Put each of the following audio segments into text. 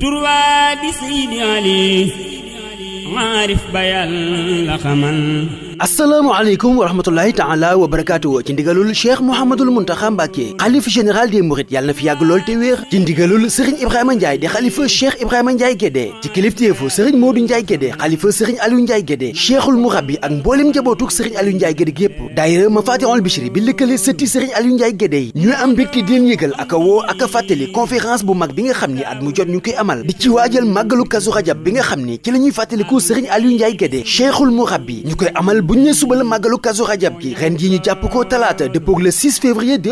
turwaa di Seydi Ali maarif ba Yàlla xamal asalaamaaleykum wa rahmatullahi taala wa barakaatu ci ndigalul cheikh mouhamadul muntaxa mbàkke xalif général des mourides yàlla na fi yàgg lool te wéer ci ndigalul sëriñ ibrahima ndiaye di xalifa cheikh ibrahima ndiaye gédé ci kiliftéefu sëriñ moodu ndiaye gédé xalifa sëriñ aliou ndiaye gédé cheikhul mourabbi ak mbooleem njabootuk sëriñ aliou ndiaye gédé gépp daayira mafatihul bichri bi lëkkale sëtti sëriñ aliou ndiaye gédé yi ñuy am mbégte di leen yëgal ak a woo ak a fàttali conférence bu mag bi nga xam ni at mu jot ñu koy amal di ci waajal màggalu kazu rajab bi nga xam ni ci la ñuy fàttaliku sëriñ aliou ndiaye gédé cheikhul mourabbi ñu koy bu ñu nee suba la màggalu Kazu Rajab gi ren ji ñu jàpp ko talaata dëppoog le février di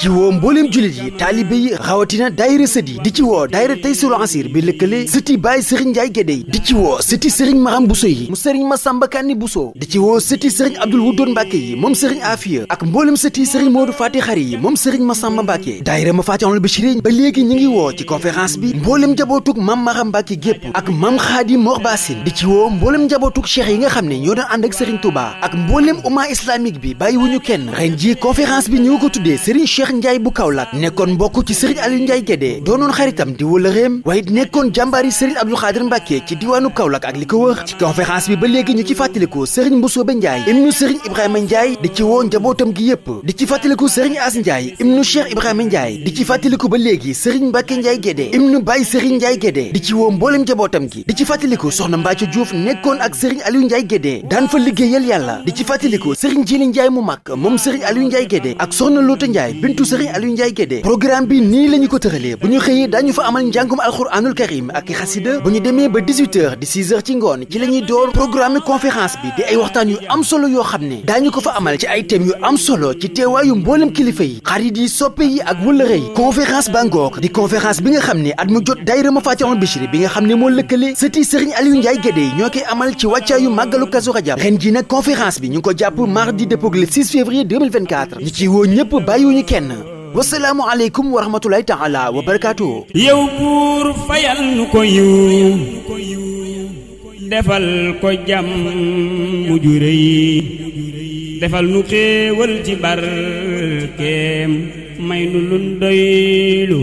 ci woo mbooleem jullit yi taalibe yi rawatina daayira sët yi di ci woo daayira Taysiru Ansir bi lëkkale sëti Baay Sëriñ Njaay Gédé yi di ci woo sëti Sëriñ Maram Buso yi mu Sëriñ Masamba Kanni Buso di ci woo sëti Sëriñ Abdul Wudoon Mbàkke yi moom Sëriñ Afiya ak mbooleem sëti Sëriñ Moodu Faati Xari yi moom Sëriñ Masamba Mbàkke daayira ma Faati Onal Bichri ñu ngi woo ci conférence bi mbooleem njabootug Mam Maram Mbàkke gépp ak Mam Xaadi Mor Baasin di yi nga xam ne ñoo Serigne Touba ak mbooleem umma islamique bi bàyyiwuñu kenn ren jii bi ñu ngi ko tuddee Serigne Cheikh Ndiaye bu Kaolack nekkoon mbokk ci Serigne Aliou Ndiaye doo doonoon xaritam di wëlëreem waaye nekkoon jàmbaari Serigne Abdou Khadir Mbacké ci diwaanu Kaolack ak li ko wër ci conférence bi ba léegi ñu ci fàttaliku Serigne Mbousobé Ndiaye ibnu Serigne Ibrahima Ndiaye di ci woo njabootam gi yépp di ci fàttaliku Serigne As Ndiaye ibnu Cheikh Ibrahima Ndiaye di ci fàttaliku ba léegi Serigne Mbacké Ndiaye Guédé ibnu Baye Serigne Ndiaye Guédé di ci woo mbooleem njabootam gi di ci fàttaliku soxna Mbathio Diouf nekkoon ak Serigne Aliou Ndiaye liggéeyal yàlla di ci fàttaliku Serigne Djily Ndiaye mu mag moom Serigne Aliou Ndiaye Guédé ak Soxna Loota Ndiaye bintu Serigne Aliou Ndiaye Guédé programme bi nii la ñu ko tëralee bu ñu xëyee daañu fa amal njàngum alxuraanul karim ak xasida bu ñu demee ba 18 heures di 6 heures ci ngoon ci la ñuy door programme conférence bi di ay waxtaan yu am solo yoo xam ne daañu ko fa amal ci ay thèmes yu am solo ci teewaayu mboolem kilifa yi xarit yi soppe yi ak wëllëre yi conférence bangook di conférence bi nga xam ne at mu jot bi nga xam ne moo lëkkale sëti Serigne Aliou Ndiaye Guédé ñoo koy gi nag conférence bi ñu ngi ko jàpp mardi dëppoo ak le 6 février 2024 ñu ci woo ñëpp bàyyiwuñu kenn wasalaamu aleykum wa rahmatulahi taala wa barakaatu. yow buur fayal nu ko yiw defal ko jàmm mu ju defal nu xéewal ci barkeem may nu lun doylu